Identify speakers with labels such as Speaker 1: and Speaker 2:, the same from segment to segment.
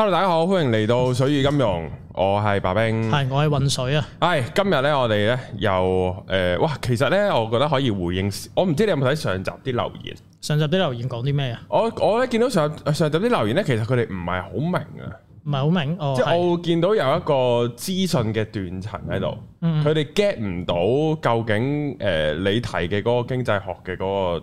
Speaker 1: hello，大家好，歡迎嚟到水與金融，我係白兵，係我係渾水啊。係今日咧，我哋咧又誒，哇，其實咧，我覺得可以回應。我唔知你有冇睇上集啲留言？上集啲留言講啲咩啊？我我咧見到上上集啲留言咧，其實佢哋唔係好明啊，唔係
Speaker 2: 好明，即係我
Speaker 1: 見到有一個資訊嘅斷層喺度，佢哋 get 唔到究竟誒，你提嘅嗰個經濟學嘅嗰。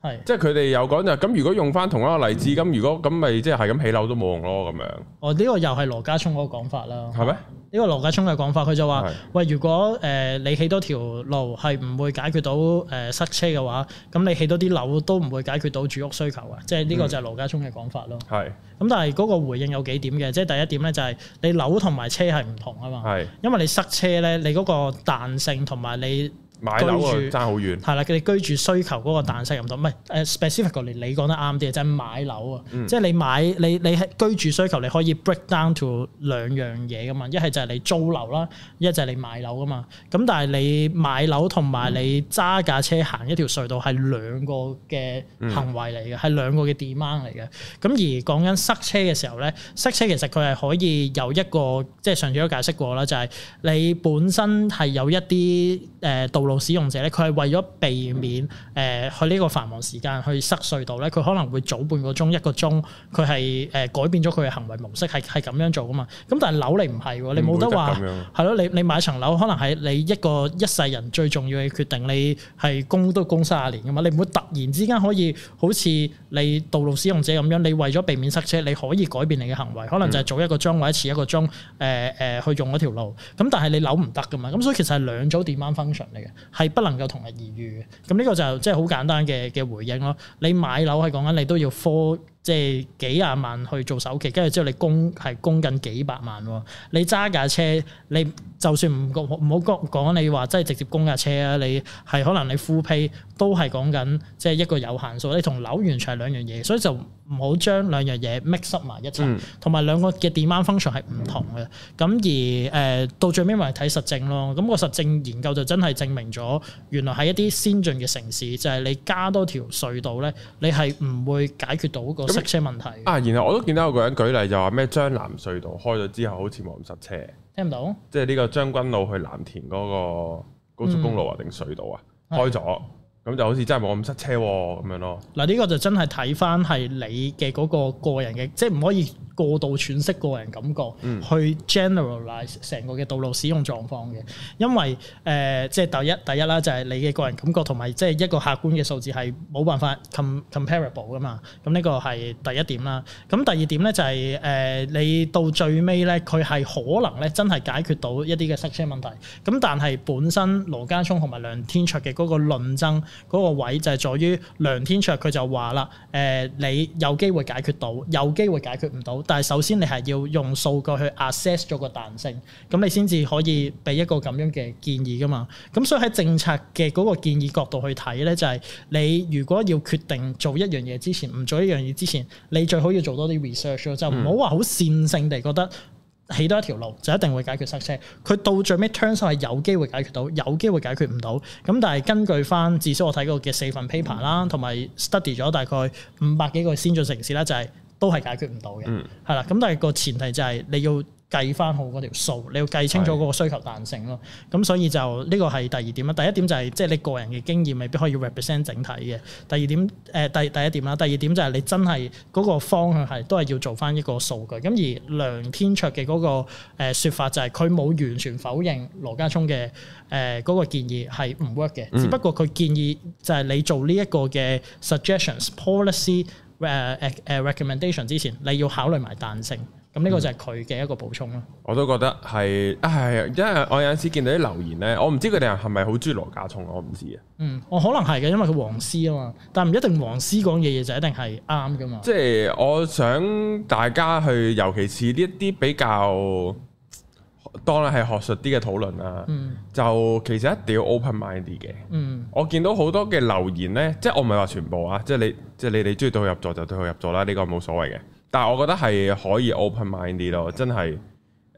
Speaker 1: 係，是即係佢哋有講就咁。如果用翻同一個例子，咁、嗯、如果咁咪即係係咁起樓都冇用咯咁樣。
Speaker 2: 哦，呢、這個又係羅家聰嗰個講法啦。係咩嗎？呢個羅家聰嘅講法，佢就話：是喂，如果誒、呃、你起多條路係唔會解決到誒、呃、塞車嘅話，咁你起多啲樓都唔會解決到住屋需求呀。即係呢、這個就係羅家聰嘅講法咯。係、嗯。咁但係嗰個回應有幾點嘅？即係第一點咧，就係你樓同埋車係唔同啊嘛。係是。因為你塞車咧，你嗰個彈性同埋你。
Speaker 1: 買樓啊，爭好遠。係
Speaker 2: 啦，佢哋居住需求嗰個彈性咁多，唔係 specifically 你講得啱啲嘅，就係、是、買樓啊，嗯、即係你買你你係居住需求你可以 break down to 兩樣嘢噶嘛，一係就係你租樓啦，一就係你買樓噶嘛。咁但係你買樓同埋你揸架車行一條隧道係兩個嘅行為嚟嘅，係、嗯、兩個嘅 demand 嚟嘅。咁而講緊塞車嘅時候咧，塞車其實佢係可以有一個，即、就、係、是、上次都解釋過啦，就係、是、你本身係有一啲誒道道路使用者咧，佢係為咗避免誒去呢個繁忙時間去塞隧道咧，佢可能會早半個鐘一個鐘，佢係誒改變咗佢嘅行為模式，係係咁樣做噶嘛。咁但係樓你唔係，你冇得話係咯。你你買層樓，可能係你一個一世人最重要嘅決定，你係供都供三十年噶嘛。你唔會突然之間可以好似你道路使用者咁樣，你為咗避免塞車，你可以改變你嘅行為，可能就係早一個鐘或者遲一個鐘，誒誒去用嗰條路。咁但係你樓唔得噶嘛。咁所以其實係兩組 demand function 嚟嘅。係不能夠同日而語嘅，咁呢個就即係好簡單嘅嘅回應囉。你買樓係講緊你都要科。即係幾廿萬去做首期，跟住之後你供係供緊幾百萬喎。你揸架車，你就算唔供，唔好講講你話真係直接供架車啊！你係可能你 full pay 都係講緊即係一個有限數。你同樓完全係兩樣嘢，所以就唔好將兩樣嘢 mix 埋一齊。同埋兩個嘅 demand function 係唔同嘅。咁而誒到最尾咪睇實證咯。咁個實證研究就真係證明咗，原來喺一啲先進嘅城市，就係你加多條隧道咧，你係唔會解決到個塞車
Speaker 1: 問題啊！然後我都見到有個人舉例，就話咩將南隧道開咗之後，好似冇咁塞車。聽唔到？即係呢個將軍路去藍田嗰個高速公路啊，定隧道啊，嗯、開咗了。嗯咁就好似真係冇咁塞車咁樣咯。嗱呢個就真係
Speaker 2: 睇翻係你嘅嗰個個人嘅，即係唔可以過度喘息個人感覺、嗯、去 generalize 成個嘅道路使用狀況嘅。因為誒，即、呃、係、就是、第一第一啦，就係、是、你嘅個人感覺同埋即係一個客觀嘅數字係冇辦法 com comparable 噶嘛。咁、這、呢個係第一點啦。咁第二點咧就係、是、誒、呃，你到最尾咧，佢係可能咧真係解決到一啲嘅塞車問題。咁但係本身羅家聰同埋梁天卓嘅嗰個論爭。嗰個位就係在於梁天卓佢就話啦，誒、呃、你有機會解決到，有機會解決唔到，但係首先你係要用數據去 assess 咗個彈性，咁你先至可以俾一個咁樣嘅建議噶嘛。咁所以喺政策嘅嗰個建議角度去睇咧，就係、是、你如果要決定做一樣嘢之前，唔做一樣嘢之前，你最好要做多啲 research 咯，就唔好話好線性地覺得，起多一條路就一定會解決塞車，佢到最尾 turn so 係有機會解決到，有機會解決唔到。咁但係根據翻至少我睇過嘅四份 paper 啦，同埋 study 咗大概五百幾個先進城市啦，就係、是、都係解決唔到嘅。係啦、嗯，咁但係個前提就係你要。計翻好嗰條數，你要計清楚嗰個需求彈性咯。咁是的 所以就呢個係第二點啦。第一點就係即係你個人嘅經驗未必可以 represent 整體嘅。第二點，誒、呃、第第一點啦，第二點就係你真係嗰個方向係都係要做翻一個數據。咁而梁天卓嘅嗰個誒説法就係佢冇完全否認羅家聰嘅誒嗰個建議係唔 work 嘅，不嗯、只不過佢建議就係你做呢一個嘅 suggestions policy、uh, recommendation 之前，你要考慮埋彈性。咁呢個就係佢嘅一個補充咯、嗯。補
Speaker 1: 充。我都覺得係啊，係，因為我有陣時見到啲留言咧，我唔知佢哋係咪好中意羅家聰我唔知啊。嗯，
Speaker 2: 我可能係嘅，因為佢黃絲啊嘛，但唔一定黃絲講嘅嘢就一定係啱噶嘛。
Speaker 1: 即係我想大家去，尤其是呢一啲比較當係學術啲嘅討論啦、啊。嗯、就其實一定要 open mind 啲嘅。嗯，我見到好多嘅留言咧，即係我唔係話全部啊，即係你，即係你哋中意對佢入座就對佢入座啦，呢、呢個冇所謂嘅。但係我覺得係可以 open mind 啲咯，真係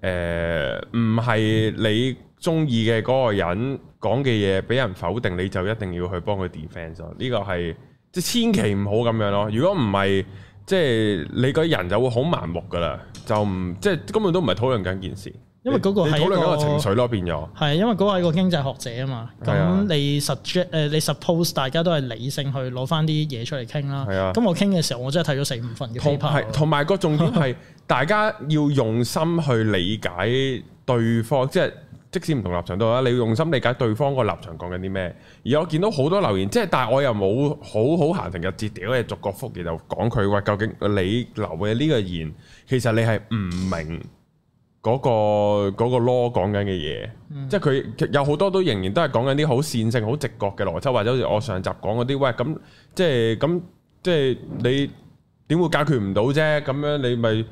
Speaker 1: 誒，唔係你中意嘅嗰個人講嘅嘢俾人否定，你就一定要去幫佢 defend 咯，呢個係即係千祈唔好咁樣咯。如果唔係，即係你個人就會好盲目噶啦，就唔即係根本都唔係討論緊件事。因為嗰個係你討論個情緒咯，變咗
Speaker 2: 係因為嗰個係個,個,個經濟學者啊嘛，咁你 s 你 suppose 大家都係理性去攞翻啲嘢出嚟傾啦。係啊的，咁我傾嘅時候，我真係睇咗四五份嘅 paper 同
Speaker 1: 埋個重點係 大家要用心去理解對方，即、就、係、是、即使唔同立場都好，啦，你要用心理解對方個立場講緊啲咩。而我見到好多留言，即係但係我又冇好好閑情逸緻屌你逐個覆，然就講佢話究竟你留嘅呢個言，其實你係唔明。嗰個嗰個 law 講緊嘅嘢，嗯、即係佢有好多都仍然都係講緊啲好線性、好直覺嘅邏輯，或者好似我上集講嗰啲，喂咁即係咁即係你點會解決唔到啫？咁樣你咪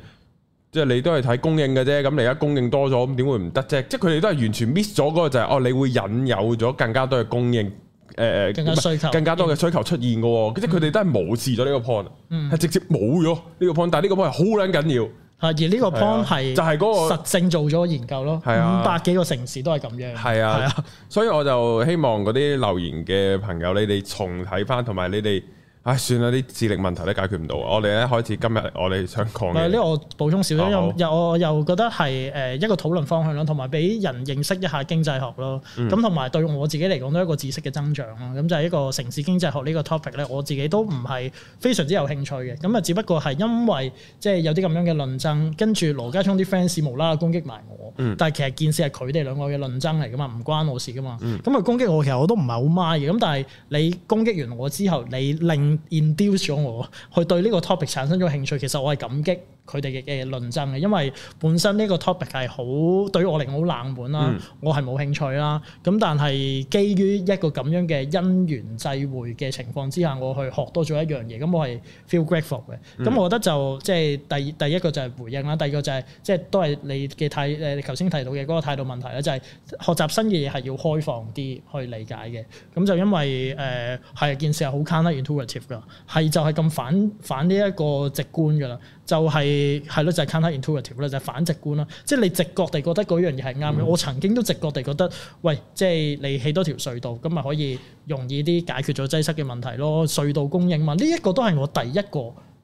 Speaker 1: 即係你都係睇供應嘅啫。咁而家供應多咗，咁點會唔得啫？即係佢哋都係完全 miss 咗嗰個就係、是、哦，你會引有咗更加多嘅供應誒、呃，更加更加多嘅需求出現嘅喎。嗯、即係佢哋都係無視咗呢個 point，係、嗯、直接冇咗呢個 point。但係呢個 point 係好撚緊要。啊！而呢個 point 係實性做咗
Speaker 2: 研究咯，五百
Speaker 1: 幾個城市都係咁樣。係啊，係啊，所以我就希望嗰啲留言嘅朋友你，你哋重睇翻，同埋你哋。哎、算啦，啲智力問題都解決唔到。我哋咧開始今日我哋想講呢、呢個我
Speaker 2: 補充少少，又、oh. 我又覺得係誒一個討論方向啦，同埋俾人認識一下經濟學咯。咁同埋對我自己嚟講都係一個知識嘅增長咯。咁就係一個城市經濟學呢個 topic 咧，我自己都唔係非常之有興趣嘅。咁啊，只不過係因為即係、就是、有啲咁樣嘅論爭，跟住羅家聰啲 fans 無啦啦攻擊埋我。Mm. 但係其實件事係佢哋兩個嘅論爭嚟噶嘛，唔關我事噶嘛。咁啊，攻擊我其實我都唔係好 mind 嘅。咁但係你攻擊完我之後，你令 induce 咗我去對呢個 topic 產生咗興趣，其實我係感激。佢哋嘅嘅論爭嘅，因為本身呢個 topic 係好對於我嚟講好冷門啦，嗯、我係冇興趣啦。咁但係基於一個咁樣嘅因緣際會嘅情況之下，我去學多咗一樣嘢，咁我係 feel grateful 嘅。咁、嗯、我覺得就即係、就係、第第一個就係回應啦，第二個就係即係都係你嘅態誒，你頭先提到嘅嗰個態度問題啦，就係、係、學習新嘅嘢係要開放啲去理解嘅。咁就因為誒係、呃、件事係好 counterintuitive 㗎，係就係咁反反呢一個直觀㗎啦。就係係咯，就係、是、counterintuitive 啦，就係反直觀啦。即係你直覺地覺得嗰樣嘢係啱嘅。嗯、我曾經都直覺地覺得，喂，即係你起多條隧道，咁咪可以容易啲解決咗擠塞嘅問題咯。隧道供應嘛，呢、這、一個都係我第一個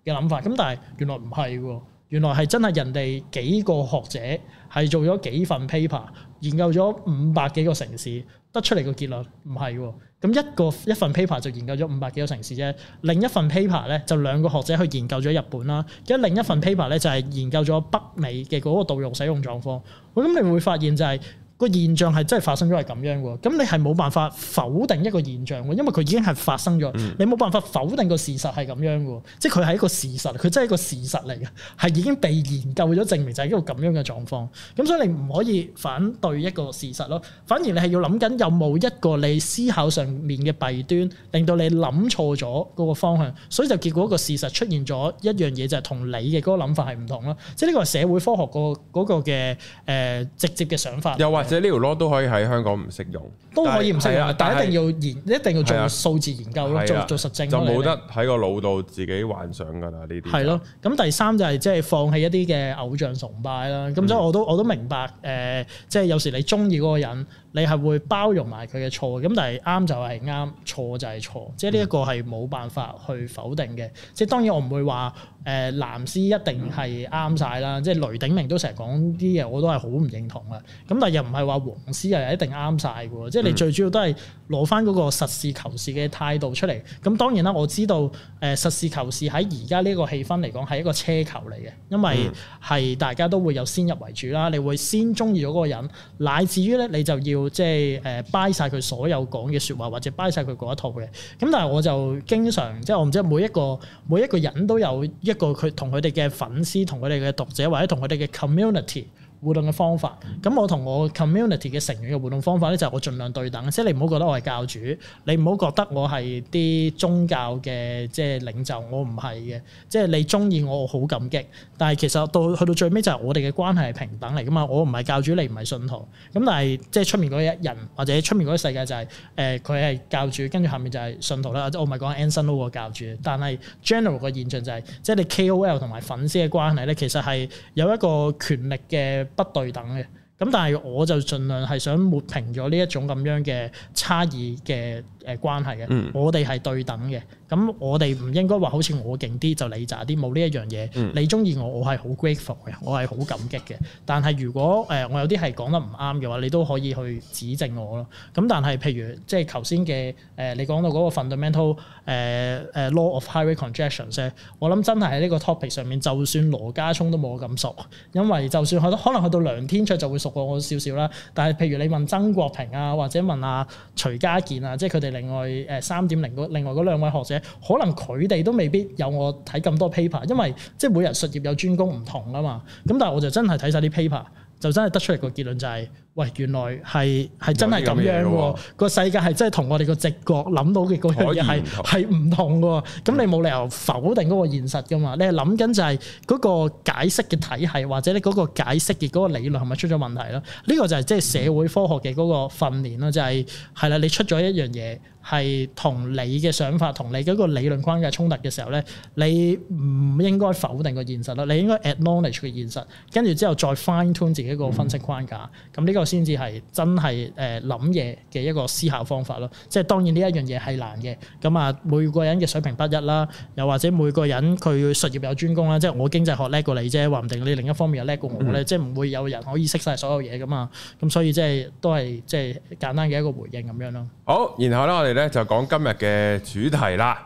Speaker 2: 嘅諗法。咁但係原來唔係喎，原來係真係人哋幾個學者係做咗幾份 paper，研究咗五百幾個城市，得出嚟個結論唔係喎。咁一個一份 paper 就研究咗五百幾個城市啫，另一份 paper 咧就兩個學者去研究咗日本啦，而另一份 paper 咧就係研究咗北美嘅嗰個導遊使用狀況。我諗你會發現就係、是。個現象係真係發生咗係咁樣喎，咁你係冇辦法否定一個現象喎，因為佢已經係發生咗，你冇辦法否定個事實係咁樣嘅，即係佢係一個事實，佢真係一個事實嚟嘅，係已經被研究咗證明就係一個咁樣嘅狀況，咁所以你唔可以反對一個事實咯，反而你係要諗緊有冇一個你思考上面嘅弊端，令到你諗錯咗嗰個方向，所以就結果個事實出現咗一樣嘢就係、是、同你嘅嗰個諗法係唔同咯，即係呢個係社會科學個嗰個嘅誒直接嘅想法。
Speaker 1: 即係呢條 law 都可以喺香港唔識用，都可以唔識用，但係是一定要
Speaker 2: 研，是一定要做數字研究咯，啊、做做實證。就冇得
Speaker 1: 喺個腦度自己幻想㗎啦，呢啲。係咯、
Speaker 2: 啊，咁第三就係即係放棄一啲嘅偶像崇拜啦。咁所以我都我都明白，誒、呃，即係有時你中意嗰個人。你係會包容埋佢嘅錯嘅，咁但係啱就係啱，錯就係錯，即係呢一個係冇辦法去否定嘅。即係當然我唔會話誒、呃、藍絲一定係啱晒啦，即係雷鼎鳴都成日講啲嘢，我都係好唔認同啊。咁但係又唔係話黃絲又一定啱晒嘅，即係你最主要都係攞翻嗰個實事求是嘅態度出嚟。咁當然啦，我知道誒實事求是喺而家呢個氣氛嚟講係一個奢求嚟嘅，因為係大家都會有先入為主啦，你會先中意咗嗰個人，乃至於咧你就要。即係誒，buy 晒佢所有講嘅説話，或者 buy 晒佢嗰一套嘅。咁但係我就經常，即係我唔知每一個每一個人都有一個佢同佢哋嘅粉絲、同佢哋嘅讀者或者同佢哋嘅 community。互動嘅方法，咁我同我 community 嘅成員嘅互動方法咧，就係我盡量對等，即係你唔好覺得我係教主，你唔好覺得我係啲宗教嘅即係領袖，我唔係嘅，即係你中意我我好感激，但係其實到去到最尾就係我哋嘅關係係平等嚟㗎嘛，我唔係教主，你唔係信徒，咁但係即係出面嗰啲人或者出面嗰啲世界就係誒佢係教主，跟住下面就係信徒啦，即係我唔係講 Anson Lo 個教主，但係 general 嘅現象就係、是、即係你 KOL 同埋粉絲嘅關係咧，其實係有一個權力嘅。不對等嘅，咁但係我就盡量係想抹平咗呢一種咁樣嘅差異嘅誒關係嘅，嗯、我哋係對等嘅。咁我哋唔應該話好似我勁啲就你渣啲，冇呢一樣嘢。嗯、你中意我，我係好 grateful 嘅，我係好感激嘅。但係如果誒、呃、我有啲係講得唔啱嘅話，你都可以去指正我咯。咁但係譬如即係頭先嘅，誒你講到個 fundamental 誒、呃、誒 law of highway conjectures，我諗真係喺呢個 topic 上面，就算羅家聰都冇我咁熟，因為就算去到可能去到梁天卓就會熟過我少少啦。但係譬如你問曾國平啊，或者問阿、啊、徐家健啊，即係佢哋另外誒三點零嗰另外嗰兩位學者。可能佢哋都未必有我睇咁多 paper，因為即係每人術業有專攻唔同啊嘛。咁但係我就真係睇晒啲 paper，就真係得出嚟，個結論就係、是，喂，原來係係真係咁樣。個世界係真係同我哋個直覺諗到嘅嗰樣嘢係係唔同嘅。咁你冇理由否定嗰個現實噶嘛。你係諗緊就係嗰個解釋嘅體系，或者你嗰個解釋嘅嗰個理論係咪出咗問題囉。呢、這個就係即係社會科學嘅嗰個訓練囉，就係係啦，你出咗一樣嘢。係同你嘅想法同你嗰個理論框架衝突嘅時候咧，你唔應該否定個現實咯，你應該 acknowledge 個現實，跟住之後再 fine-tune 自己一個分析框架。咁呢、嗯、個先至係真係誒諗嘢嘅一個思考方法咯。即係當然呢一樣嘢係難嘅。咁啊，每個人嘅水平不一啦，又或者每個人佢術業有專攻啦。即係我經濟學叻過你啫，話唔定你另一方面又叻過我咧。嗯、即係唔會有人可以識晒所有嘢噶嘛。咁所以即係都係即係簡單嘅一個回應咁樣咯。
Speaker 1: 好，然後咧我哋咧就講今日嘅主題啦，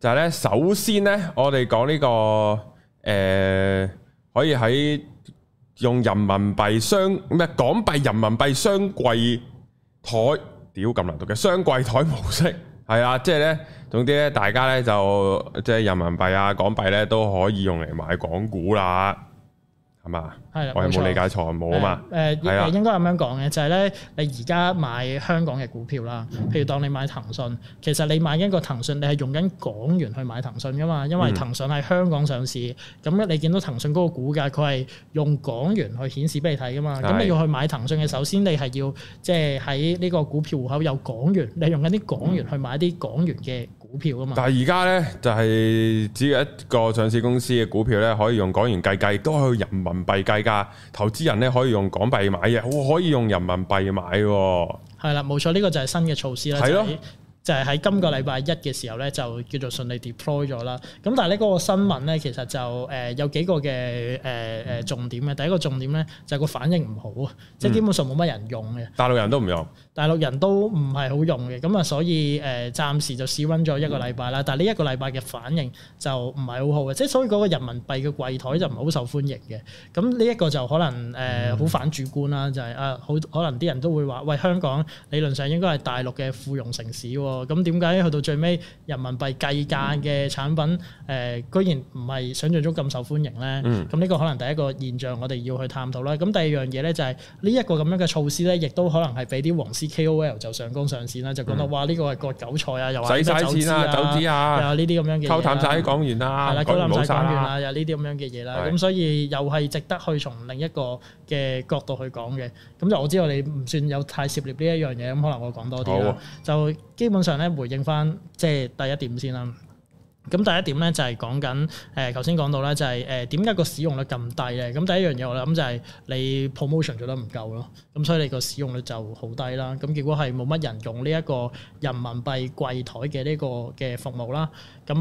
Speaker 1: 就係、是、咧首先咧，我哋講呢個誒、呃，可以喺用人民幣雙咩港幣、就是、人民幣雙櫃台，屌咁難讀嘅雙櫃台模式係啊，即係咧，總之咧，大家咧就即係人民幣啊、港幣咧都可以用嚟買港股啦。係嘛？我有冇理解錯？冇啊嘛。
Speaker 2: 誒、呃、誒，應該咁樣講嘅就係咧，你而家買香港嘅股票啦，譬如當你買騰訊，其實你買緊個騰訊，你係用緊港元去買騰訊噶嘛，因為騰訊係香港上市。咁咧，你見到騰訊嗰個股價，佢係用港元去顯示俾你睇噶嘛。咁你要去買騰訊嘅，首先你係要即係喺呢個股票戶口有港元，你用緊啲港元去買啲港元嘅。股票啊嘛，但係而
Speaker 1: 家咧就係只有一個上市公司嘅股票咧，可以用港元計價，都可以用人民幣計價。投資人咧可以用港幣買嘅，可以用人民幣買喎。
Speaker 2: 係啦，冇錯，呢、這個就係新嘅措施啦。係咯的，就係喺今個禮拜一嘅時候咧，就叫做順利 deploy 咗啦。咁但係呢嗰個新聞咧，其實就誒有幾個嘅誒誒重點嘅。嗯、第一個重點咧就係個反應唔好啊，嗯、即係基本上冇乜人用嘅、嗯。
Speaker 1: 大陸人都唔用。
Speaker 2: 大陸人都唔係好用嘅，咁啊，所以誒、呃、暫時就試温咗一個禮拜啦。嗯、但係呢一個禮拜嘅反應就唔係好好嘅，即係所以嗰個人民幣嘅櫃台就唔係好受歡迎嘅。咁呢一個就可能誒好、呃、反主觀啦，就係、是、啊，好可能啲人都會話：喂，香港理論上應該係大陸嘅附庸城市喎，咁點解去到最尾人民幣計價嘅產品誒、嗯呃，居然唔係想像中咁受歡迎咧？咁呢、嗯、個可能第一個現象，我哋要去探討啦。咁第二樣嘢咧就係呢一個咁樣嘅措施咧，亦都可能係俾啲黃絲。K O L 就上綱上線啦，就覺得哇呢個係割韭菜啊，又話洗晒錢啦，走資啊，又話呢啲咁樣嘅嘢。溝淡晒啲講完啦，溝淡晒講完啦，又呢啲咁樣嘅嘢啦，咁的所以又係值得去從另一個嘅角度去講嘅。咁就我知道你唔算有太涉獵呢一樣嘢，咁可能我講多啲啦。的就基本上咧，回應翻即係第一點先啦。咁第一點咧就係講緊誒，頭先講到咧就係誒點解個使用率咁低嘅？咁第一樣嘢我諗就係你 promotion 做得唔夠咯，咁所以你個使用率就好低啦。咁結果係冇乜人用呢一個人民幣櫃台嘅呢個嘅服務啦，咁誒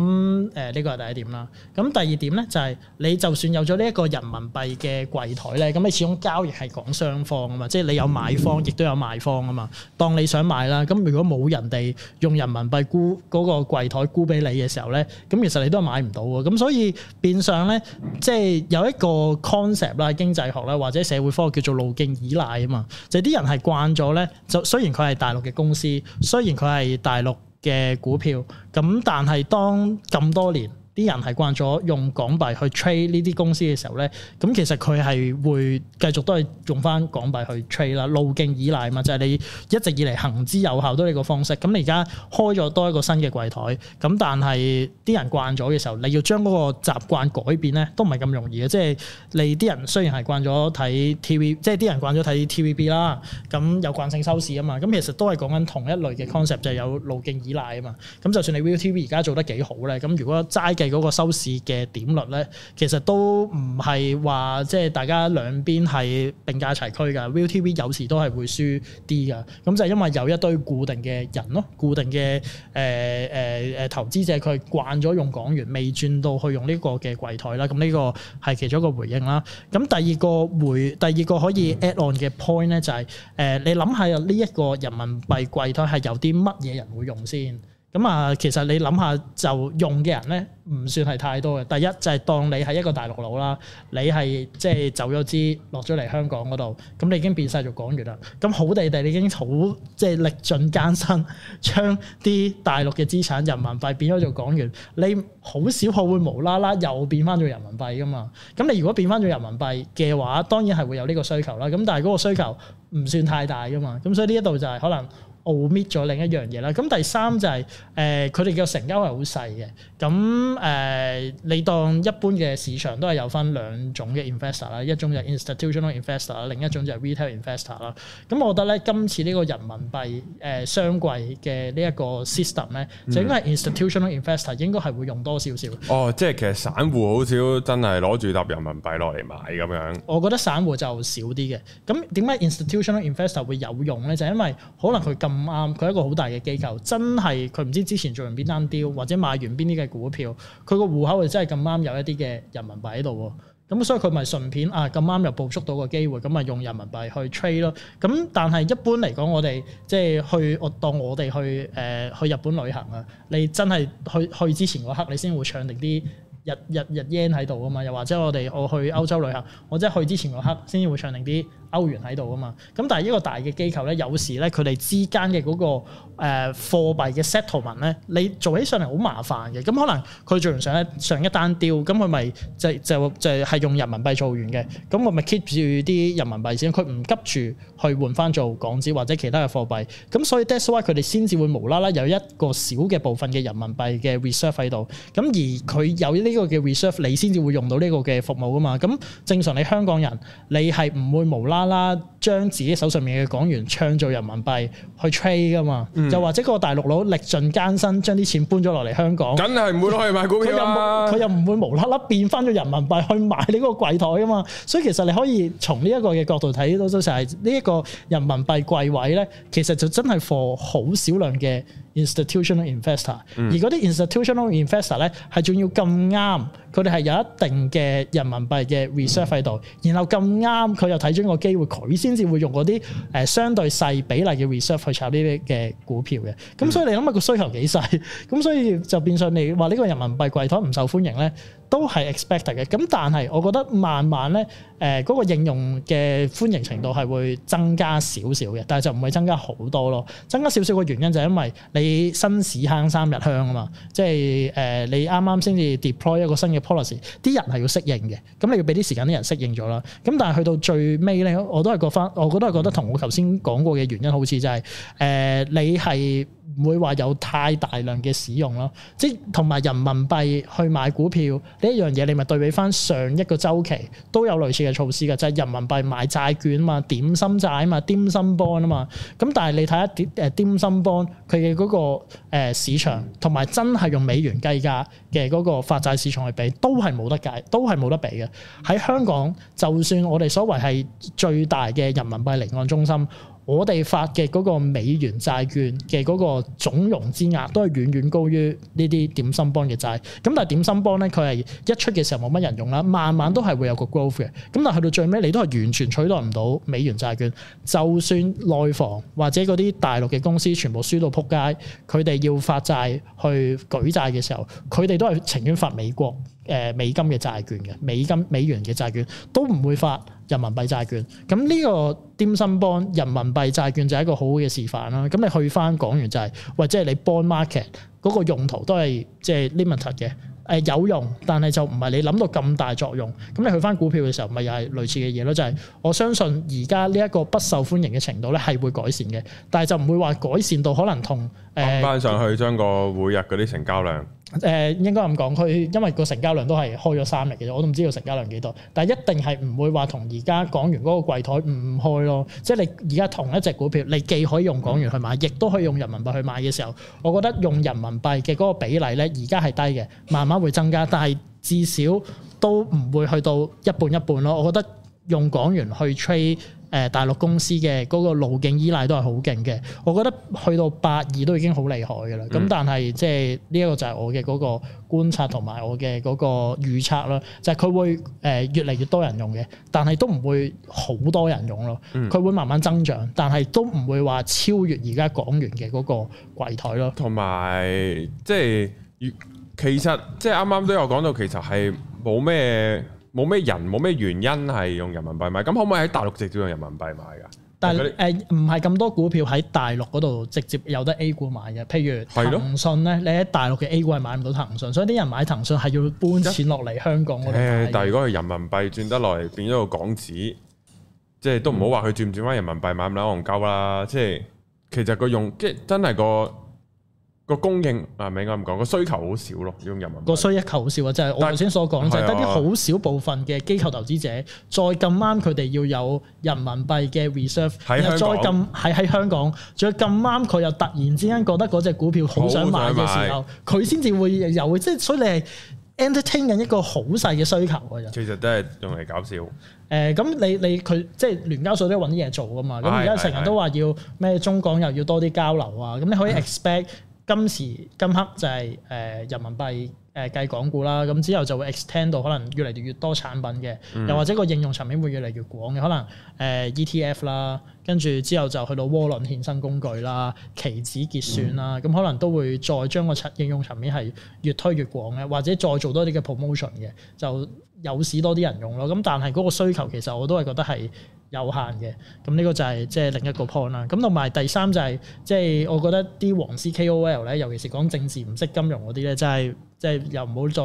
Speaker 2: 呢個係第一點啦。咁第二點咧就係你就算有咗呢一個人民幣嘅櫃台咧，咁你始終交易係講雙方啊嘛，即係你有買方亦都有賣方啊嘛。當你想買啦，咁如果冇人哋用人民幣估嗰個櫃台估俾你嘅時候咧。咁其實你都係買唔到嘅，咁所以變相咧，即係有一個 concept 啦、經濟學啦或者社會科學叫做路徑依賴啊嘛，就啲人係慣咗咧，就雖然佢係大陸嘅公司，雖然佢係大陸嘅股票，咁但係當咁多年。啲人係慣咗用港幣去 trade 呢啲公司嘅時候咧，咁其實佢係會繼續都係用翻港幣去 trade 啦。路徑依賴啊嘛，就係你一直以嚟行之有效都係個方式。咁你而家開咗多一個新嘅櫃台，咁但係啲人慣咗嘅時候，你要將嗰個習慣改變咧，都唔係咁容易嘅。即係你啲人雖然係慣咗睇 TV，即係啲人慣咗睇 TVB 啦，咁有慣性收視啊嘛。咁其實都係講緊同一類嘅 concept，就係有路徑依賴啊嘛。咁就算你 ViuTV 而家做得幾好咧，咁如果齋。嗰個收市嘅點率咧，其實都唔係話即係大家兩邊係並駕齊驅㗎，ViuTV 有時都係會輸啲㗎，咁就係因為有一堆固定嘅人咯，固定嘅誒誒誒投資者佢慣咗用港元，未轉到去用呢個嘅櫃台啦，咁呢個係其中一個回應啦。咁第二個回，第二個可以 add on 嘅 point 咧，就係，就係誒你諗下呢一個人民幣櫃台係有啲乜嘢人會用先？咁啊，其實你諗下就用嘅人咧，唔算係太多嘅。第一就係當你係一個大陸佬啦，你係即係走咗資落咗嚟香港嗰度，咁你已經變晒做港元啦。咁好地地你已經好即係歷盡艱辛，將啲大陸嘅資產人民幣變咗做港元，你好少可會無啦啦又變翻做人民幣噶嘛。咁你如果變翻做人民幣嘅話，當然係會有呢個需求啦。咁但係嗰個需求唔算太大噶嘛。咁所以呢一度就係可能。我搣咗另一樣嘢啦，咁第三就係誒佢哋嘅成交係好細嘅，咁、呃、誒你當一般嘅市場都係有分兩種嘅 investor 啦，一種就係 institutional investor 啦，另一種就係 retail investor 啦、嗯。咁、嗯、我覺得咧，今次呢個人民幣誒雙櫃嘅呢一個 system 咧，就應該 institutional investor 應該係會用多少少、嗯。
Speaker 1: 哦，即係其實散戶好少真係攞住沓人民幣落嚟買咁樣，
Speaker 2: 我覺得散戶就少啲嘅，咁點解 institutional investor 會有用咧？就係、是、因為可能佢咁。咁啱，佢一個好大嘅機構，真係佢唔知之前做完邊單 deal 或者買完邊啲嘅股票，佢個戶口又真係咁啱有一啲嘅人民幣喺度喎，咁、嗯、所以佢咪順便啊咁啱又捕捉到個機會，咁咪用人民幣去 trade 咯、嗯。咁但係一般嚟講，我哋即係去，我當我哋去誒、呃、去日本旅行啊，你真係去去之前嗰刻你，你先會唱定啲日日日 yen 喺度啊嘛，又或者我哋我去歐洲旅行，我真係去之前嗰刻先會唱定啲。歐元喺度啊嘛，咁但係依個大嘅機構咧，有時咧佢哋之間嘅嗰個誒、呃、貨幣嘅 settlement 咧，你做起上嚟好麻煩嘅，咁可能佢做完上一上一單調，咁佢咪就就就係用人民幣做完嘅，咁我咪 keep 住啲人民幣先，佢唔急住去換返做港紙或者其他嘅貨幣，咁所以 that's why 佢哋先至會無啦啦有一個小嘅部分嘅人民幣嘅 reserve 喺度，咁而佢有呢個嘅 reserve，你先至會用到呢個嘅服務啊嘛，咁正常你香港人你係唔會無啦。啦，將自己手上面嘅港元唱做人民幣去 trade 噶嘛，又、嗯、或者個大陸佬歷盡艱辛將啲錢搬咗落嚟香港，梗係唔會攞去買股票啦。佢又唔會無啦啦變翻咗人民幣去買你嗰個櫃台噶嘛。所以其實你可以從呢一個嘅角度睇到，都成係呢一個人民幣櫃位咧，其實就真係貨好少量嘅。institutional investor，而嗰啲 institutional investor 咧，係仲要咁啱，佢哋係有一定嘅人民幣嘅 reserve 喺度、嗯，然後咁啱佢又睇咗個機會，佢先至會用嗰啲誒相對細比例嘅 reserve 去炒呢啲嘅股票嘅，咁所以你諗下個需求幾細，咁所以就變相你話呢個人民幣櫃台唔受歡迎咧，都係 expected 嘅，咁但係我覺得慢慢咧，誒、呃、嗰、那個應用嘅歡迎程度係會增加少少嘅，但係就唔會增加好多咯。增加少少嘅原因就係因為你新屎坑三日香啊嘛，即係誒、呃、你啱啱先至 deploy 一個新嘅 policy，啲人係要適應嘅，咁你要俾啲時間啲人適應咗啦。咁但係去到最尾咧，我都係覺翻，我都係覺得同我頭先講過嘅原因好似就係、是、誒、呃、你係。唔會話有太大量嘅使用咯，即同埋人民幣去買股票呢一樣嘢，你咪對比翻上，上一個週期都有類似嘅措施嘅，就係人民幣買債券啊嘛，點心債啊嘛，點心 bond 啊嘛。咁但係你睇下啲誒點心 bond 佢嘅嗰個市場，同埋真係用美元計價嘅嗰個發債市場去比，都係冇得計，都係冇得比嘅。喺香港，就算我哋所謂係最大嘅人民幣離岸中心。我哋發嘅嗰個美元債券嘅嗰個總融資額都係遠遠高於呢啲點心幫嘅債。咁但係點心幫咧，佢係一出嘅時候冇乜人用啦，慢慢都係會有個 growth 嘅，咁但係去到最尾你都係完全取代唔到美元債券，就算內房或者嗰啲大陸嘅公司全部輸到撲街，佢哋要發債去舉債嘅時候，佢哋都係情願發美國。誒、呃、美金嘅債券嘅美金美元嘅債券都唔會發人民幣債券，咁呢個 Dim Sum Bond 人民幣債券就係一個好好嘅示範啦。咁你去翻港元債、或者係你 bond market 嗰個用途都係即係 limit 嘅，誒有用，但係就唔係你諗到咁大作用。咁你去翻股票嘅時候，咪又係類似嘅嘢咯。就係、是、我相信而家呢一個不受歡迎嘅程度咧，係會改善嘅，但係就唔會話改善到可能同
Speaker 1: 誒。翻、呃、上去，將個每日嗰啲成交量。
Speaker 2: 誒、呃、應該咁講，佢因為個成交量都係開咗三日嘅，啫。我都唔知個成交量幾多，但係一定係唔會話同而家港元嗰個櫃台唔開咯。即係你而家同一隻股票，你既可以用港元去買，亦都可以用人民幣去買嘅時候，我覺得用人民幣嘅嗰個比例咧，而家係低嘅，慢慢會增加，但係至少都唔會去到一半一半咯。我覺得用港元去 trade。誒大陸公司嘅嗰個路徑依賴都係好勁嘅，我覺得去到八二都已經好厲害嘅啦。咁、嗯、但係即係呢一個就係我嘅嗰個觀察同埋我嘅嗰個預測啦，就係、是、佢會誒越嚟越多人用嘅，但係都唔會好多人用咯。佢、嗯、會慢慢增長，但係都唔會話超越而家港元嘅嗰個櫃
Speaker 1: 台咯。同埋即係其實即係啱啱都有講到、就係，其實係冇咩。就係啱啱冇咩人，冇咩原因係用人民幣買，咁可唔可以喺大陸直接用人民幣買噶？但
Speaker 2: 係誒，唔係咁多股票喺大陸嗰度直接有得 A 股買嘅，譬如騰訊咧，的你喺大陸嘅 A 股係買唔到騰訊，所以啲人買騰訊係要搬錢落嚟香港嗰度、欸。但係如果
Speaker 1: 係人民幣轉得落嚟變，變咗個港紙，即係都唔好話佢轉唔轉返人民幣買唔買行牛啦，即係、嗯、其實佢用即係真係個。個供應啊，唔係我咁講，個需求好少咯，用人民。個需一求
Speaker 2: 好少啊，就係我頭先所講，就係得啲好少部分嘅機構投資者，再咁啱佢哋要有人民幣嘅 reserve，再咁係喺香港，再咁啱佢又突然之間覺得嗰隻股票好想買嘅時候，佢先至會有。即係，所以你係 entertain 緊一個好細嘅需求㗎啫。
Speaker 1: 其實都係用嚟搞笑。
Speaker 2: 誒，咁你你佢即係聯交所都要揾啲嘢做㗎嘛？咁而家成日都話要咩中港又要多啲交流啊？咁你可以 expect。今時今刻就係、是、誒、呃、人民幣誒、呃、計港股啦，咁之後就會 extend 到可能越嚟越多產品嘅，嗯、又或者個應用層面會越嚟越廣嘅，可能誒、呃、ETF 啦，跟住之後就去到窩輪衍生工具啦、期指結算啦，咁、嗯、可能都會再將個策應用層面係越推越廣嘅，或者再做多啲嘅 promotion 嘅，就有史多啲人用咯。咁但係嗰個需求其實我都係覺得係。有限嘅，咁呢個就係即係另一個 point 啦。咁同埋第三就係，即係我覺得啲黃絲 KOL 咧，尤其是講政治唔識金融嗰啲咧，真係即係又唔好再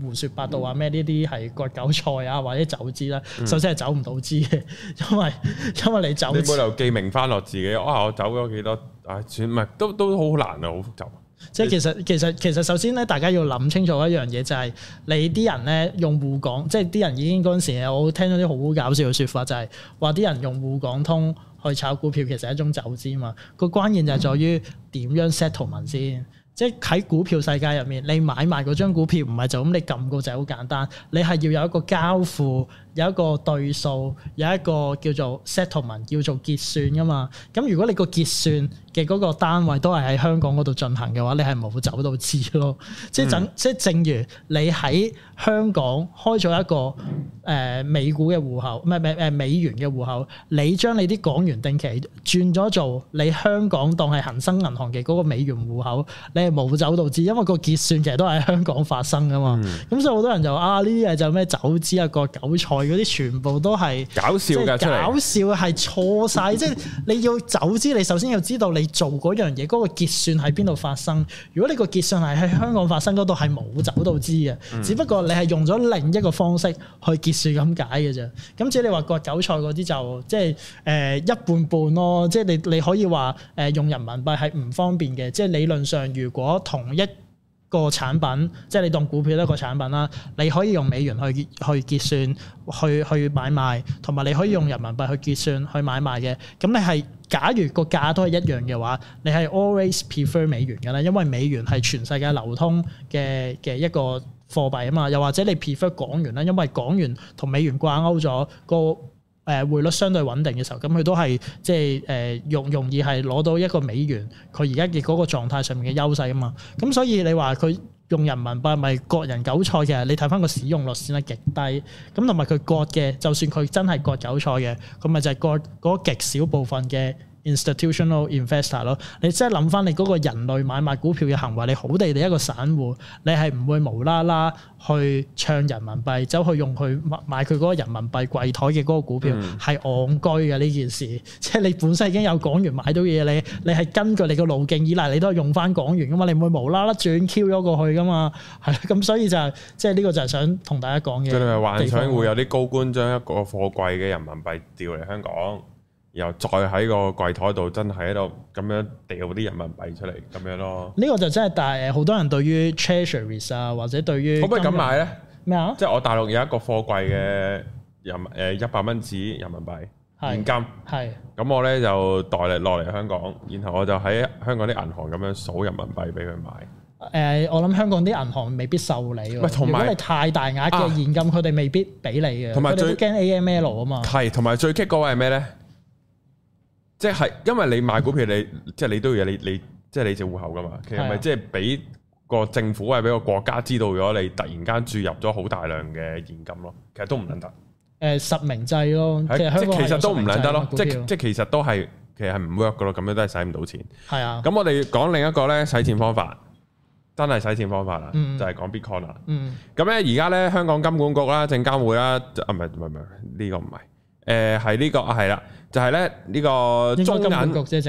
Speaker 2: 胡説八道話咩呢啲係割韭菜啊，或者走資啦，首先係走唔到資嘅，因為、嗯、
Speaker 1: 因為你走你冇留記名翻落自己，我、啊、我走咗幾多啊？唔係都都好難啊，好複雜。
Speaker 2: 即係其實其實其實首先咧，大家要諗清楚一樣嘢，就係、是、你啲人咧用滬港，即係啲人已經嗰陣時，我聽到啲好搞笑嘅説法、就是，就係話啲人用滬港通去炒股票，其實係一種走資嘛。個關鍵就在於點樣 settlement 先，即係喺股票世界入面，你買賣嗰張股票唔係就咁你撳個掣好簡單，你係要有一個交付。有一個對數，有一個叫做 settlement，叫做結算噶嘛。咁如果你個結算嘅嗰個單位都係喺香港嗰度進行嘅話，你係冇走到資咯。嗯、即係即係正如你喺香港開咗一個誒、呃、美股嘅戶口，唔係唔係美元嘅戶口，你將你啲港元定期轉咗做你香港當係恒生銀行嘅嗰個美元戶口，你係冇走到資，因為個結算其實都係喺香港發生噶嘛。咁、嗯、所以好多人就話啊呢啲嘢就咩走資啊個韭菜。嗰啲全部都係搞笑，搞笑係錯晒。即、就、係、是、你要走資，你首先要知道你做嗰樣嘢，嗰、那個結算喺邊度發生。如果你個結算係喺香港發生，嗰度係冇走到資嘅，嗯、只不過你係用咗另一個方式去結算咁解嘅啫。咁即你話割韭菜嗰啲就即係誒一半半咯。即係你你可以話誒用人民幣係唔方便嘅。即、就、係、是、理論上如果同一個產品即係你當股票一個產品啦，你可以用美元去去結算，去去買賣，同埋你可以用人民幣去結算去買賣嘅。咁你係假如個價都係一樣嘅話，你係 always prefer 美元㗎啦，因為美元係全世界流通嘅嘅一個貨幣啊嘛。又或者你 prefer 港元啦，因為港元同美元掛鈎咗個。誒、呃、匯率相對穩定嘅時候，咁、嗯、佢都係即係誒容容易係攞到一個美元，佢而家嘅嗰個狀態上面嘅優勢啊嘛。咁、嗯、所以你話佢用人民幣咪割人韭菜嘅？你睇翻個使用率先係極低，咁同埋佢割嘅，就算佢真係割韭菜嘅，咁咪就係割嗰極少部分嘅。institutional investor 咯，Invest or, 你即係諗翻你嗰個人類買賣股票嘅行為，你好地你一個散戶，你係唔會無啦啦去唱人民幣，走去用佢買佢嗰個人民幣櫃台嘅嗰個股票係戇居嘅呢件事，即係你本身已經有港元買到嘢，你你係根據你個路徑以來，依賴你都係用翻港元噶嘛，你唔會無啦啦轉 Q 咗過去噶嘛，係啦，咁所以就係、是、即係呢個就係想同大家講嘅，即係你話，就係幻想會有
Speaker 1: 啲高官將一個貨櫃嘅人民幣調嚟香港。又再喺個櫃台度真係喺度咁樣掉啲人民幣出嚟咁樣咯。
Speaker 2: 呢個就真係，但係好多人對於 Treasury 啊或者對於、啊、可唔可以咁買咧？
Speaker 1: 咩啊麼？即係我大陸有一個貨櫃嘅人誒一百蚊紙人民幣現金，係咁我咧就代嚟落嚟香港，然後我就喺香港啲銀行咁樣數人民幣俾佢買。
Speaker 2: 誒、呃，我諗香港啲銀行未必受理喎。唔係，同埋如果太大額嘅現金，佢哋、啊、未必俾你嘅。同埋最驚 AML 啊嘛。
Speaker 1: 係，同埋最棘嗰個係咩咧？即係，因為你買股票你，你即係你都要你你即係你隻戶口噶嘛？其實咪即係俾個政府係，俾個國家知道咗你突然間注入咗好大量嘅現金咯？其實都唔捻得。
Speaker 2: 誒、呃，實名制咯，即係其實都唔捻得咯，即係即
Speaker 1: 其實都係其實係唔 work 噶咯，咁樣都係使唔到錢。係啊。咁我哋講另一個咧，使錢方法，真係使錢方法啦，嗯、就係講 bitcoin 啦。咁咧而家咧，香港金管局啦、證監會啦，啊唔係唔係唔係，呢、這個唔係，誒係呢個係啦。就係咧呢個中銀，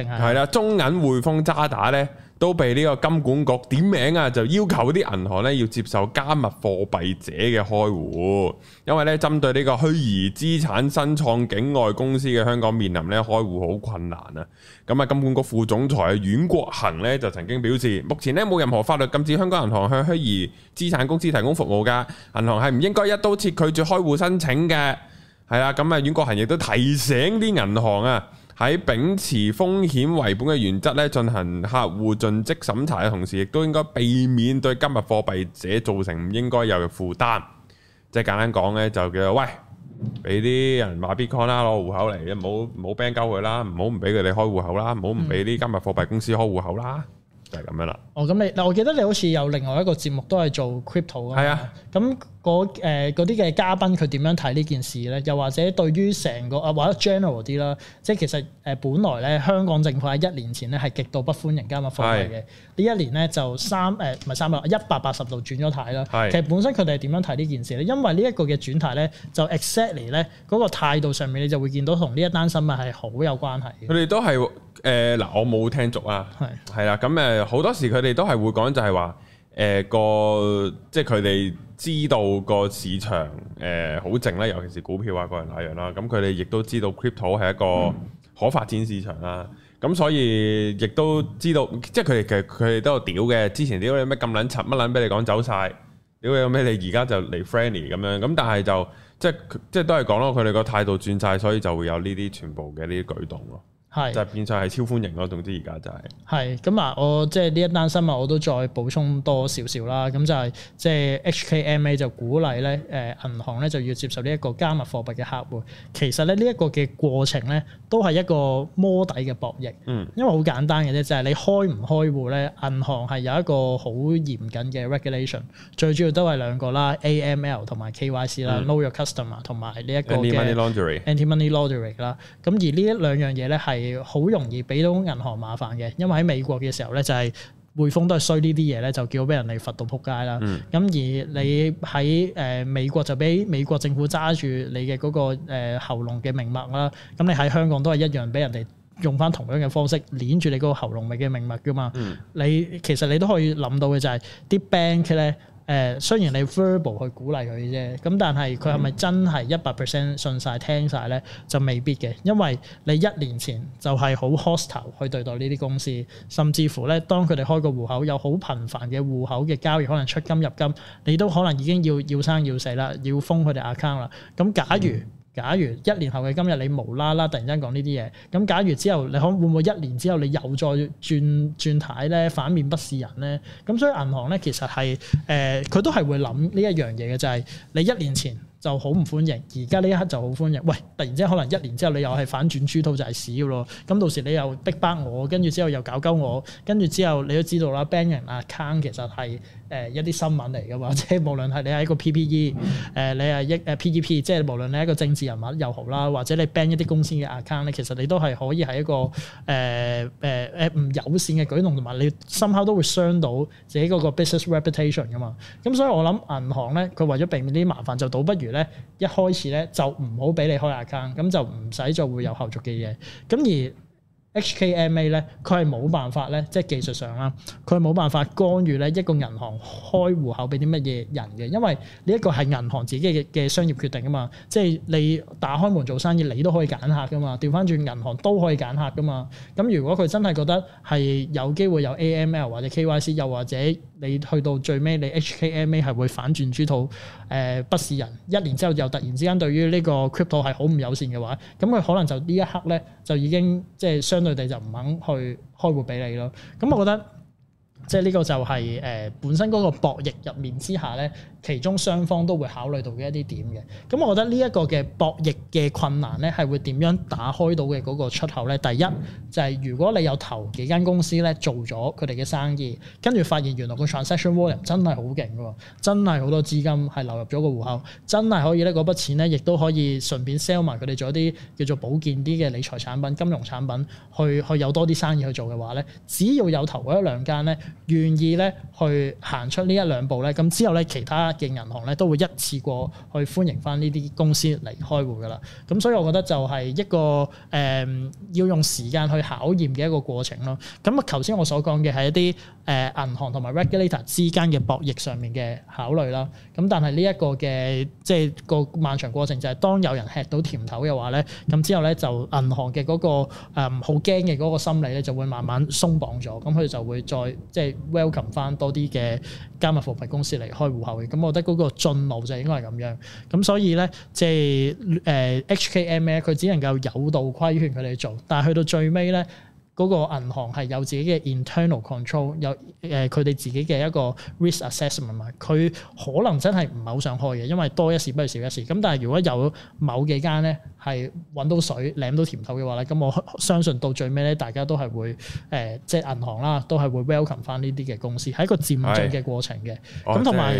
Speaker 1: 係啦，中銀匯豐渣打呢都被呢個金管局點名啊，就要求啲銀行呢要接受加密貨幣者嘅開戶，因為呢針對呢個虛擬資產新創境外公司嘅香港，面臨呢開戶好困難啊！咁啊，金管局副總裁阮國恆呢就曾經表示，目前呢冇任何法律禁止香港銀行向虛擬資產公司提供服務噶，銀行係唔應該一刀切拒絕開戶申請嘅。係啦，咁啊，阮國恒亦都提醒啲銀行啊，喺秉持風險為本嘅原則咧，進行客戶盡職審查嘅同時，亦都應該避免對今日貨幣加密貨幣者造成唔應該有嘅負擔。即係簡單講咧，就叫喂，俾啲人買 Bitcoin 啦，攞戶口嚟，唔好唔好 ban 鳩佢啦，唔好唔俾佢哋開戶口啦，唔好唔俾啲加密貨幣公司開戶口啦。嗯嗯。就
Speaker 2: 係咁樣啦。哦，咁你嗱，我記得你好似有另外一個節目都係做 crypto 啊。係啊。咁嗰啲嘅嘉賓佢點樣睇呢件事咧？又或者對於成個啊或者 general 啲啦，即係其實誒本來咧香港政府喺一年前咧係極度不歡迎加密貨幣嘅。呢是一年咧就三誒唔係三百一百八十度轉咗態啦。其實本身佢哋係點樣睇呢件事咧？因為呢一個嘅轉態咧，就 exactly 咧嗰個態度上面，你就會見到同呢一單新聞係好有關係。佢
Speaker 1: 哋都係誒嗱，我冇聽足啊。係係啦，咁誒。好多時佢哋都係會講，就係話誒個，即係佢哋知道個市場誒好、呃、靜啦，尤其是股票啊嗰樣嗱樣啦。咁佢哋亦都知道 crypto 係一個可發展市場啦。咁、嗯、所以亦都知道，即係佢哋其實佢哋都有屌嘅。之前屌你咩咁撚柒，乜撚俾你講走晒，屌你有咩你而家就嚟 friendly 咁樣。咁但係就即係即係都係講咯，佢哋個態度轉曬，所以就會有呢啲全部嘅呢啲舉動咯。係，就係是變晒係超歡迎咯，總之而家就係、是。
Speaker 2: 係，咁啊，我即係呢一單新聞我都再補充多少少啦。咁就係、是、即係、就是、HKMA 就鼓勵咧，誒、呃、銀行咧就要接受呢一個加密貨幣嘅客戶。其實咧呢、這個、呢一個嘅過程咧都係一個摸底嘅博弈，嗯、因為好簡單嘅啫，就係、是、你開唔開戶咧，銀行係有一個好嚴謹嘅 regulation，最主要都係兩個啦，AML 同埋 KYC 啦、嗯、know your customer 同埋呢一個、uh, anti money laundering 啦。咁而呢一兩樣嘢咧係。好容易俾到銀行麻煩嘅，因為喺美國嘅時候咧，就係、是、匯豐都係衰呢啲嘢咧，就叫俾人哋罰到仆街啦。咁、嗯、而你喺誒美國就俾美國政府揸住你嘅嗰個誒喉嚨嘅命脈啦。咁你喺香港都係一樣，俾人哋用翻同樣嘅方式捏住你個喉嚨嚟嘅命脈噶嘛。嗯、你其實你都可以諗到嘅就係啲 bank 咧。誒，uh, 雖然你 verbal 去鼓勵佢啫，咁但係佢係咪真係一百 percent 信晒聽晒咧？就未必嘅，因為你一年前就係好 hostile 去對待呢啲公司，甚至乎咧，當佢哋開個戶口有好頻繁嘅戶口嘅交易，可能出金入金，你都可能已經要要生要死啦，要封佢哋 account 啦。咁假如，假如一年後嘅今日你無啦啦突然間講呢啲嘢，咁假如之後你可能會唔會一年之後你又再轉轉態咧？反面不是人咧，咁所以銀行咧，其實係誒佢都係會諗呢一樣嘢嘅，就係你一年前。就好唔歡迎，而家呢一刻就好歡迎。喂，突然之間可能一年之後你又係反轉豬肚就係屎咯。咁到時你又逼崩我，跟住之後又搞鳩我，跟住之後你都知道啦。ban 人 account 其實係誒、呃、一啲新聞嚟嘅嘛，即係無論係你係一個 PPE，誒、呃、你係一誒 PEP 即係無論你係一個政治人物又好啦，或者你 ban 一啲公司嘅 account 咧，其實你都係可以係一個誒誒誒唔友善嘅舉動，同埋你深刻都會傷到自己嗰個 business reputation 嘅嘛。咁所以我諗銀行咧，佢為咗避免啲麻煩，就倒不如，咧一開始咧就唔好俾你開 account，咁就唔使再會有後續嘅嘢。咁而 HKMA 咧，佢係冇辦法咧，即係技術上啦，佢係冇辦法干預咧一個銀行開戶口俾啲乜嘢人嘅，因為呢一個係銀行自己嘅嘅商業決定啊嘛。即係你打開門做生意，你都可以揀客噶嘛。調翻轉銀行都可以揀客噶嘛。咁如果佢真係覺得係有機會有 AML 或者 KYC 又或者，你去到最尾，你 HKMA 係會反轉豬肚。誒、呃、不是人。一年之後又突然之間對於呢個 crypto 係好唔友善嘅話，咁佢可能就呢一刻咧，就已經即係、就是、相對地就唔肯去開戶俾你咯。咁我覺得。即係呢個就係、是、誒、呃、本身嗰個博弈入面之下咧，其中雙方都會考慮到嘅一啲點嘅。咁我覺得呢一個嘅博弈嘅困難咧，係會點樣打開到嘅嗰個出口咧？第一就係、是、如果你有頭幾間公司咧做咗佢哋嘅生意，跟住發現原來個 transaction volume 真係好勁㗎，真係好多資金係流入咗個戶口，真係可以咧嗰筆錢咧，亦都可以順便 sell 埋佢哋做一啲叫做保健啲嘅理財產品、金融產品，去去有多啲生意去做嘅話咧，只要有頭嗰一兩間咧。願意咧去行出呢一兩步咧，咁之後咧其他嘅銀行咧都會一次過去歡迎翻呢啲公司嚟開戶噶啦。咁所以我覺得就係一個誒、呃、要用時間去考驗嘅一個過程咯。咁啊頭先我所講嘅係一啲誒銀行同埋 regulator 之間嘅博弈上面嘅考慮啦。咁但係呢一個嘅即係個漫長過程就係當有人吃到甜頭嘅話咧，咁之後咧就銀行嘅嗰、嗰個好驚嘅嗰個心理咧就會慢慢鬆綁咗，咁佢就會再即係。Welcome 翻多啲嘅加密貨幣公司嚟開戶口嘅，咁我覺得嗰個進路就應該係咁樣。咁所以咧，即係誒 HKMA 佢只能夠有道規勸佢哋做，但係去到最尾咧。嗰個銀行係有自己嘅 internal control，有誒佢哋自己嘅一個 risk assessment 嘛。佢可能真係唔係好想開嘅，因為多一事不如少一事。咁但係如果有某幾間咧係揾到水、舐到甜頭嘅話咧，咁我相信到最尾咧，大家都係會誒即係銀行啦，都係會 welcome 翻呢啲嘅公司，係一個漸進嘅過程嘅。咁同埋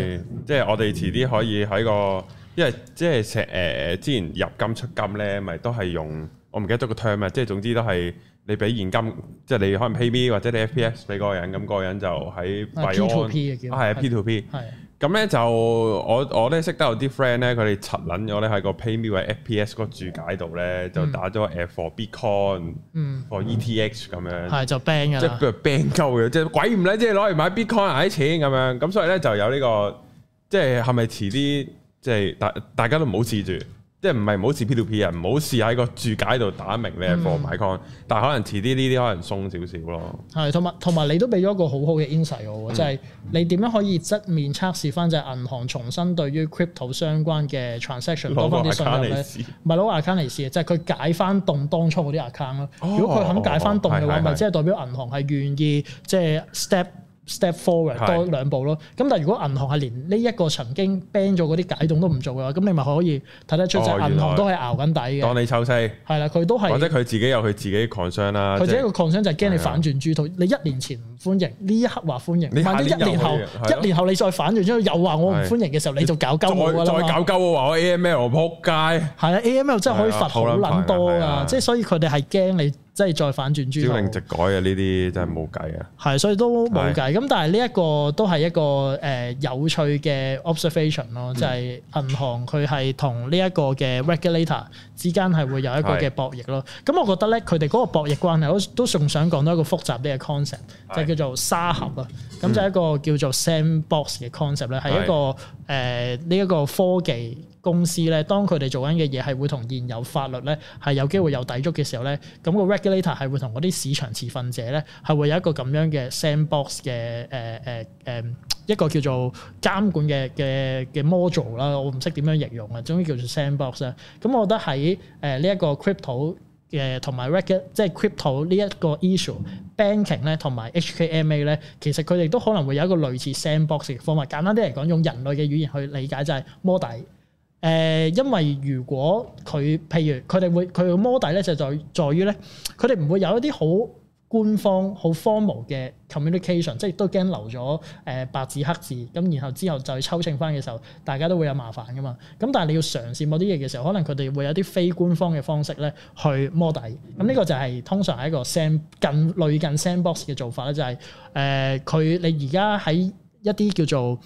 Speaker 1: 即係我哋遲啲可以喺個，因為即係石誒之前入金出金咧，咪都係用我唔記得咗個 term 啊，即係總之都係。你俾現金，即係你可能 PayMe 或者你 FPS 俾個人，咁個人就喺 Bitcoin 啊係 P2P，係咁咧就我我都係識得有啲 friend 咧，佢哋柒卵咗咧喺個 PayMe 或 FPS 嗰個注解度咧，就打咗誒 for Bitcoin，for ETH 咁樣，係就 ban 噶即係佢 ban 鳩嘅，即係鬼唔理，即係攞嚟買 Bitcoin 捱錢咁樣，咁所以咧就有呢個，即係係咪遲啲，即係大大家都唔好試住。即係唔係唔好試 P to P 啊，唔好試喺個注解度打明你係貨買 con，但係可能遲啲呢啲可能鬆少少咯。
Speaker 2: 係，同埋同埋你都俾咗一個好好嘅 insight 喎，即係、嗯、你點樣可以側面測試翻就係、是、銀行重新對於 crypto 相關嘅 transaction 多翻啲信任咧？咪攞 account 嚟試，就係、是、佢解翻凍當初嗰啲 account 咯。如果佢肯解翻凍嘅話，咪即係代表銀行係願意即係、就是、step。Step forward 多兩步咯，咁但係如果銀行係連呢一個曾經 ban 咗嗰啲解凍都唔做嘅話，咁你咪可以睇得出就銀行都係熬緊底嘅。當你
Speaker 1: 抽西係啦，佢都係或者佢自己有佢自己 concern 啦。佢自己個 concern
Speaker 2: 就係驚你反轉豬肚，你一年前唔歡迎，呢一刻話歡迎，或者一年後一年後你再反轉咗，後又話我唔歡迎嘅時候，你就搞鳩㗎啦，再搞鳩我話我 AML 我仆街。係啊，AML 真係可以罰好撚多啊，即係所以佢哋係驚你。即係再反轉珠江，
Speaker 1: 朝令夕改啊！呢啲真係冇計啊，係所以都冇計。
Speaker 2: 咁是但係呢一個都係一個誒有趣嘅 observation 咯、嗯，就係銀行佢係同呢一個嘅 regulator 之間係會有一個嘅博弈咯。咁是我覺得咧，佢哋嗰個博弈關係都都仲想講多一個複雜啲嘅 concept，就叫做沙盒啊。咁、嗯、就一個叫做 sandbox 嘅 concept 咧，係、嗯、一個誒呢一個科技，公司咧，當佢哋做緊嘅嘢係會同現有法律咧係有機會有抵觸嘅時候咧，咁個 regulator 係會同嗰啲市場持份者咧係會有一個咁樣嘅 sandbox 嘅誒誒誒一個叫做監管嘅嘅嘅 module 啦，我唔識點樣形容啊，總之叫做 sandbox 啊。咁我覺得喺誒、呃這個呃、呢一個 crypto 嘅同埋 reg 即係 crypto 呢一個 issue banking 咧同埋 HKMA 咧，其實佢哋都可能會有一個類似 sandbox 嘅方法。簡單啲嚟講，用人類嘅語言去理解就係摸底。誒，因為如果佢，譬如佢哋會佢嘅摸底咧，就在在於咧，佢哋唔會有一啲好官方、好 formal 嘅 communication，即係都驚留咗誒、呃、白紙黑字，咁然後之後就去抽秤返嘅時候，大家都會有麻煩㗎嘛。咁但係你要嘗試某啲嘢嘅時候，可能佢哋會有啲非官方嘅方式咧去摸底。咁呢、嗯、個就係、是、通常係一個更類近 sandbox 嘅做法咧，就係誒佢你而家喺一啲叫做。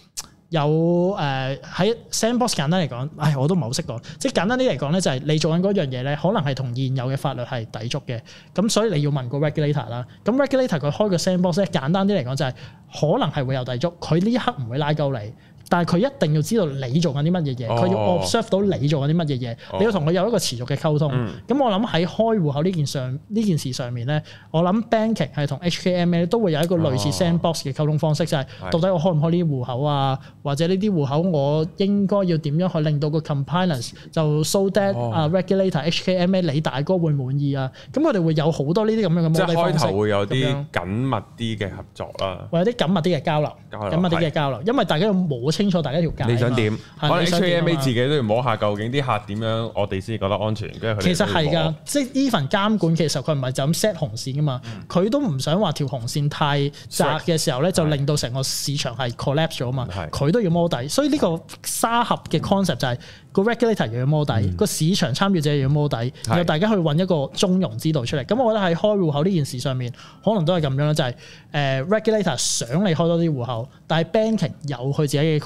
Speaker 2: 有誒喺、呃、sandbox 簡單嚟講，唉我都唔係好識講，即係簡單啲嚟講咧，就係、是、你做緊嗰樣嘢咧，可能係同現有嘅法律係抵觸嘅，咁所以你要問 regulator，個 regulator 啦。咁 regulator 佢開個 sandbox，簡單啲嚟講就係可能係會有抵觸，佢呢刻唔會拉鳩你。但係佢一定要知道你做緊啲乜嘢嘢，佢、哦、要 observe、哦、到你做緊啲乜嘢嘢，哦、你要同佢有一個持續嘅溝通。咁、嗯、我諗喺開戶口呢件事上呢件事上面咧，我諗 banking 係同 HKMA 都會有一個類似 sandbox 嘅溝通方式，哦、就係到底我開唔開呢啲戶口啊，或者呢啲戶口我應該要點樣去令到個 compliance 就 so that regulator、哦、HKMA 你大哥會滿意啊。咁佢哋會有好多呢啲咁樣嘅樣咁會有啲
Speaker 1: 緊密啲嘅合作啦、
Speaker 2: 啊，或者啲緊密啲嘅交流，緊密啲嘅交流的，因為大家要摸。清楚大家條界，你想點？是是我哋 HKMA 自
Speaker 1: 己都要摸下究竟啲客點樣，我哋先覺得安全。來來其實係㗎，即
Speaker 2: 係呢份監管其實佢唔係就咁 set 紅線㗎嘛，佢、嗯、都唔想話條紅線太窄嘅時候咧，就令到成個市場係 collapse 咗嘛。佢的都要摸底，所以呢個沙盒嘅 concept 就係個 regulator 又要摸底，個、嗯、市場參與者又要摸底，嗯、然後大家去揾一個中庸之道出嚟。咁的我覺得喺開戶口呢件事上面，可能都係咁樣啦，就係誒 regulator 想你開多啲戶口，但係 banking 有佢自己嘅。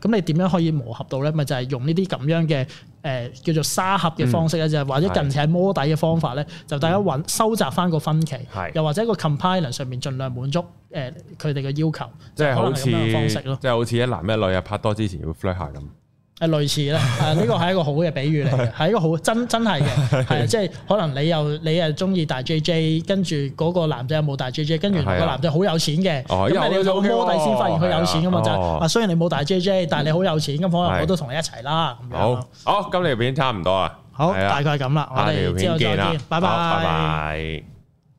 Speaker 2: 咁你點樣可以磨合到咧？咪就係、是、用呢啲咁樣嘅誒、呃、叫做沙盒嘅方式咧，就、嗯、或者近期係摸底嘅方法咧，嗯、就大家揾收集翻個分歧，的又或者個 compiler 上面盡量滿足誒佢哋嘅要
Speaker 1: 求，即係好似即係好似一男一女拍拖之前要 flirt 下咁。
Speaker 2: 係類似啦，啊呢個係一個好嘅比喻嚟，係 一個好真真係嘅，係 即係可能你又你又中意大 JJ，跟住嗰個男仔又冇大 JJ，跟住個男仔好有，有錢嘅，因為你做 model 先發現佢有錢㗎嘛就係，啊雖然你冇大 JJ，但係你好有錢，咁可能我都同你
Speaker 1: 一齊啦。好，吧哦、你好，今條片差唔多啊，好，大概咁啦，我哋之後再見拜拜，拜拜。